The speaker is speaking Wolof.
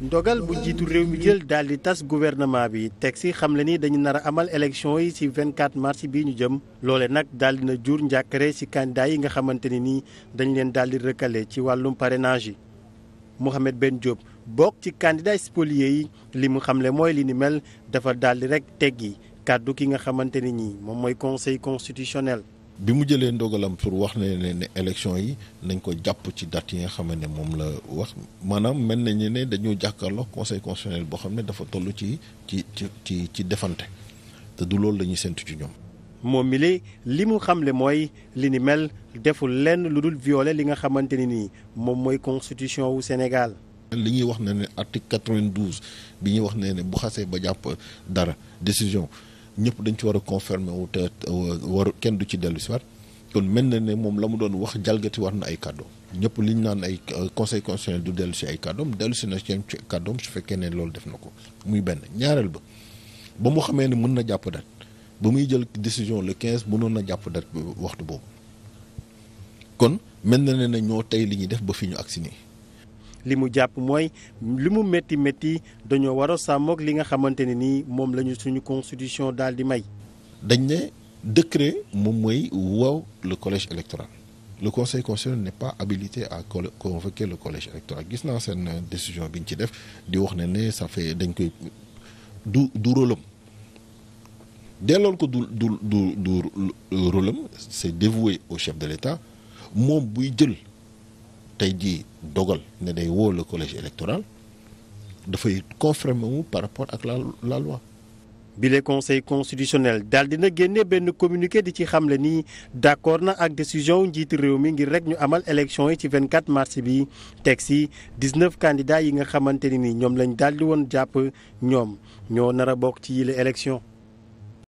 ndogal bu jiitu réew mi jël daal di tas gouvernement bi teg si xam le ni dañu nar a amal élection yi ci 24 mars bii ñu jëm loole nag daal di na jur njàkkare ci candidat yi nga xamante ne nii dañ leen daal di recalé ci wàllum parrainage yi Mouhamed Ben Diop bokk ci candidat spoliés yi li mu xamle mooy li ni mel dafa daal di rek teggi kàddu ki nga xamante ne nii moom mooy conseil constitutionnel. bi mu jëlee ndogalam pour wax ne ne ne élection yi nañ ko jàpp ci date yi nga xam ne moom la wax maanaam mel nañu ne dañoo jàkkaarloo conseil constitutionnel boo xam ne dafa tollu ci ci ci ci defante te du loolu la ñuy séntu ci ñoom. moom mi li li mu xamle mooy li ni mel deful lenn lu dul violer li nga xamante ni nii moom mooy constitution wu Sénégal. li ñuy wax ne ne article 92 bi ñuy wax ne ne bu xasee ba jàpp dara décision. ñëpp dañ ci war a confirmer wu te waru kenn du ci dellu si waat kon mel na ne moom la mu doon wax jalgati war na ay kàddoom ñëpp li ñu naan ay euh, conseil constitutionnel du dellu si ay kàddoom dellu si na ci kàddoom su fekkee ne loolu def na ko muy benn ñaareel ba ba mu xamee ne mën na jàpp date ba muy jël décision le 15 mënoon na jàpp date euh, waxtu boobu kon mel na ne na ñoo tey li ñuy def ba fi ñu agsi nii li mu jàpp mooy li mu metti métti dañoo war a sàmmoog li nga xamante ne nii moom la ñu suñu constitution daal di may. dañ ne décret moom mooy wow le collège électoral le conseil constitutionnel n'est pas habilité à convoquer le collège électoral gis naa seen décision bi ñu ci def di wax ne ne ça fait dañ koy du du rôlam dellool ko du du du du rôlam c'est dévoué au chef de l'État moom buy jël. tey jii dogal ne day woo le collège électoral dafay conformer par rapport ak la la loi. bile conseil constitutionnel daal dina génne benn communiqué di ci xamle ni d'accord na ak décision njiitu réew mi ngir rek ñu amal élection yi ci 24 mars bi teg si 19 candidats yi nga xamante ni ñoom lañu daal di woon jàpp ñoom ñoo nar a bokk ci yile élection.